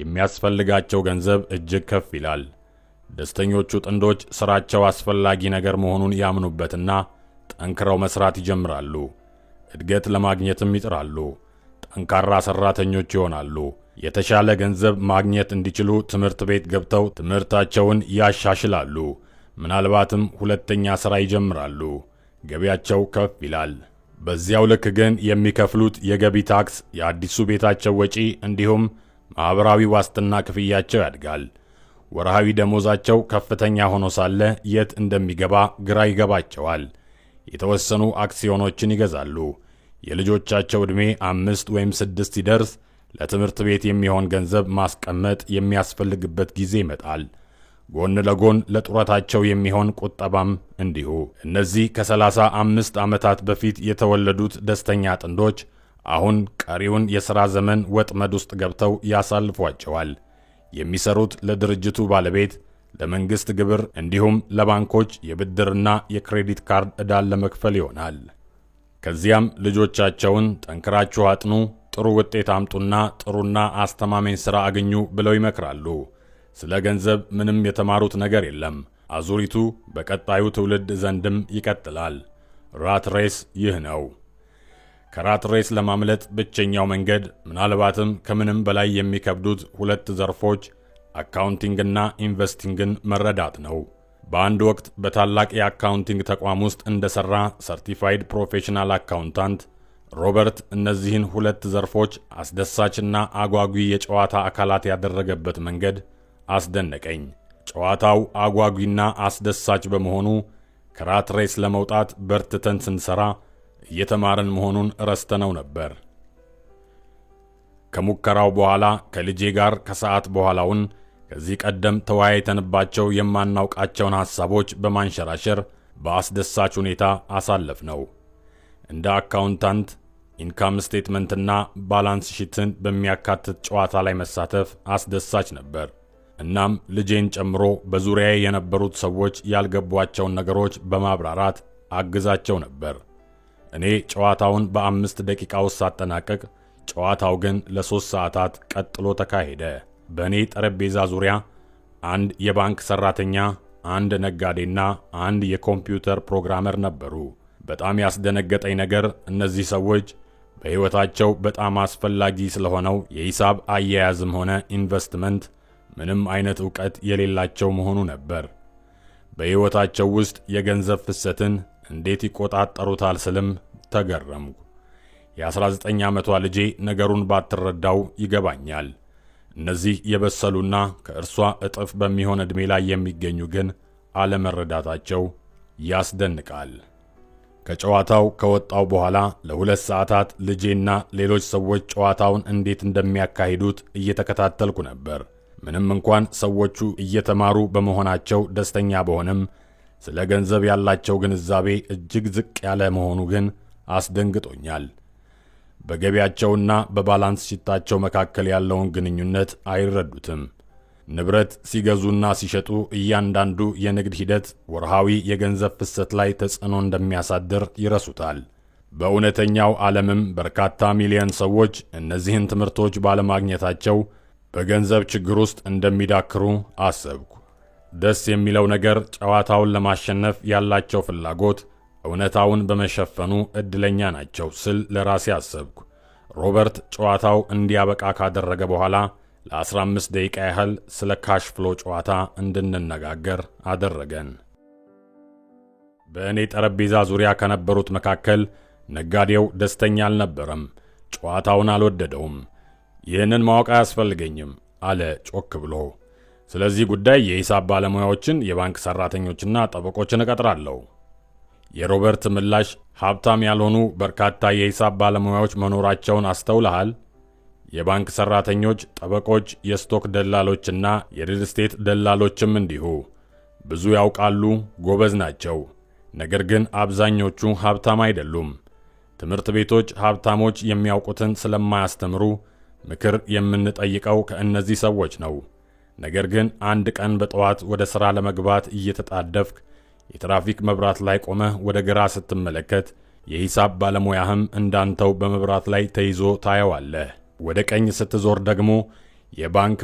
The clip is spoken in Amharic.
የሚያስፈልጋቸው ገንዘብ እጅግ ከፍ ይላል። ደስተኞቹ ጥንዶች ሥራቸው አስፈላጊ ነገር መሆኑን ያምኑበትና ጠንክረው መሥራት ይጀምራሉ። እድገት ለማግኘትም ይጥራሉ። ጠንካራ ሠራተኞች ይሆናሉ። የተሻለ ገንዘብ ማግኘት እንዲችሉ ትምህርት ቤት ገብተው ትምህርታቸውን ያሻሽላሉ። ምናልባትም ሁለተኛ ሥራ ይጀምራሉ። ገቢያቸው ከፍ ይላል። በዚያው ልክ ግን የሚከፍሉት የገቢ ታክስ፣ የአዲሱ ቤታቸው ወጪ እንዲሁም ማኅበራዊ ዋስትና ክፍያቸው ያድጋል። ወርሃዊ ደሞዛቸው ከፍተኛ ሆኖ ሳለ የት እንደሚገባ ግራ ይገባቸዋል። የተወሰኑ አክሲዮኖችን ይገዛሉ። የልጆቻቸው ዕድሜ አምስት ወይም ስድስት ሲደርስ ለትምህርት ቤት የሚሆን ገንዘብ ማስቀመጥ የሚያስፈልግበት ጊዜ ይመጣል። ጎን ለጎን ለጡረታቸው የሚሆን ቁጠባም እንዲሁ። እነዚህ ከሰላሳ አምስት ዓመታት በፊት የተወለዱት ደስተኛ ጥንዶች አሁን ቀሪውን የሥራ ዘመን ወጥመድ ውስጥ ገብተው ያሳልፏቸዋል። የሚሰሩት ለድርጅቱ ባለቤት፣ ለመንግሥት ግብር እንዲሁም ለባንኮች የብድርና የክሬዲት ካርድ ዕዳን ለመክፈል ይሆናል። ከዚያም ልጆቻቸውን ጠንክራችሁ አጥኑ፣ ጥሩ ውጤት አምጡና ጥሩና አስተማማኝ ሥራ አግኙ ብለው ይመክራሉ። ስለ ገንዘብ ምንም የተማሩት ነገር የለም። አዙሪቱ በቀጣዩ ትውልድ ዘንድም ይቀጥላል። ራት ሬስ ይህ ነው። ከራት ሬስ ለማምለጥ ብቸኛው መንገድ ምናልባትም ከምንም በላይ የሚከብዱት ሁለት ዘርፎች አካውንቲንግና ኢንቨስቲንግን መረዳት ነው። በአንድ ወቅት በታላቅ የአካውንቲንግ ተቋም ውስጥ እንደሰራ ሰርቲፋይድ ፕሮፌሽናል አካውንታንት ሮበርት እነዚህን ሁለት ዘርፎች አስደሳችና አጓጊ የጨዋታ አካላት ያደረገበት መንገድ አስደነቀኝ። ጨዋታው አጓጊና አስደሳች በመሆኑ ከራት ሬስ ለመውጣት በርትተን ስንሰራ እየተማርን መሆኑን ረስተነው ነበር። ከሙከራው በኋላ ከልጄ ጋር ከሰዓት በኋላውን ከዚህ ቀደም ተወያይተንባቸው የማናውቃቸውን ሐሳቦች በማንሸራሸር በአስደሳች ሁኔታ አሳለፍ ነው። እንደ አካውንታንት ኢንካም ስቴትመንትና ባላንስ ሺትን በሚያካትት ጨዋታ ላይ መሳተፍ አስደሳች ነበር። እናም ልጄን ጨምሮ በዙሪያዬ የነበሩት ሰዎች ያልገቧቸውን ነገሮች በማብራራት አግዛቸው ነበር። እኔ ጨዋታውን በአምስት ደቂቃ ውስጥ ሳጠናቀቅ፣ ጨዋታው ግን ለሶስት ሰዓታት ቀጥሎ ተካሄደ። በእኔ ጠረጴዛ ዙሪያ አንድ የባንክ ሰራተኛ፣ አንድ ነጋዴና አንድ የኮምፒውተር ፕሮግራመር ነበሩ። በጣም ያስደነገጠኝ ነገር እነዚህ ሰዎች በሕይወታቸው በጣም አስፈላጊ ስለሆነው የሂሳብ አያያዝም ሆነ ኢንቨስትመንት ምንም አይነት እውቀት የሌላቸው መሆኑ ነበር። በሕይወታቸው ውስጥ የገንዘብ ፍሰትን፣ እንዴት ይቆጣጠሩታል ስልም ተገረምኩ። የ19 ዓመቷ ልጄ ነገሩን ባትረዳው ይገባኛል። እነዚህ የበሰሉና ከእርሷ እጥፍ በሚሆን ዕድሜ ላይ የሚገኙ ግን አለመረዳታቸው ያስደንቃል። ከጨዋታው ከወጣው በኋላ ለሁለት ሰዓታት ልጄና ሌሎች ሰዎች ጨዋታውን እንዴት እንደሚያካሂዱት እየተከታተልኩ ነበር። ምንም እንኳን ሰዎቹ እየተማሩ በመሆናቸው ደስተኛ በሆንም ስለ ገንዘብ ያላቸው ግንዛቤ እጅግ ዝቅ ያለ መሆኑ ግን አስደንግጦኛል። በገቢያቸውና በባላንስ ሽታቸው መካከል ያለውን ግንኙነት አይረዱትም። ንብረት ሲገዙና ሲሸጡ እያንዳንዱ የንግድ ሂደት ወርሃዊ የገንዘብ ፍሰት ላይ ተጽዕኖ እንደሚያሳድር ይረሱታል። በእውነተኛው ዓለምም በርካታ ሚሊዮን ሰዎች እነዚህን ትምህርቶች ባለማግኘታቸው በገንዘብ ችግር ውስጥ እንደሚዳክሩ አሰብኩ። ደስ የሚለው ነገር ጨዋታውን ለማሸነፍ ያላቸው ፍላጎት እውነታውን በመሸፈኑ ዕድለኛ ናቸው ስል ለራሴ አሰብኩ። ሮበርት ጨዋታው እንዲያበቃ ካደረገ በኋላ ለ15 ደቂቃ ያህል ስለ ካሽ ፍሎ ጨዋታ እንድንነጋገር አደረገን። በእኔ ጠረጴዛ ዙሪያ ከነበሩት መካከል ነጋዴው ደስተኛ አልነበረም። ጨዋታውን አልወደደውም። ይህንን ማወቅ አያስፈልገኝም አለ ጮክ ብሎ። ስለዚህ ጉዳይ የሂሳብ ባለሙያዎችን፣ የባንክ ሰራተኞችና ጠበቆችን እቀጥራለሁ። የሮበርት ምላሽ ሀብታም ያልሆኑ በርካታ የሂሳብ ባለሙያዎች መኖራቸውን አስተውልሃል? የባንክ ሰራተኞች፣ ጠበቆች፣ የስቶክ ደላሎችና የሪል ስቴት ደላሎችም እንዲሁ ብዙ ያውቃሉ፣ ጎበዝ ናቸው። ነገር ግን አብዛኞቹ ሀብታም አይደሉም። ትምህርት ቤቶች ሀብታሞች የሚያውቁትን ስለማያስተምሩ ምክር የምንጠይቀው ከእነዚህ ሰዎች ነው። ነገር ግን አንድ ቀን በጠዋት ወደ ሥራ ለመግባት እየተጣደፍክ የትራፊክ መብራት ላይ ቆመህ ወደ ግራ ስትመለከት የሂሳብ ባለሙያህም እንዳንተው በመብራት ላይ ተይዞ ታየዋለህ። ወደ ቀኝ ስትዞር ደግሞ የባንክ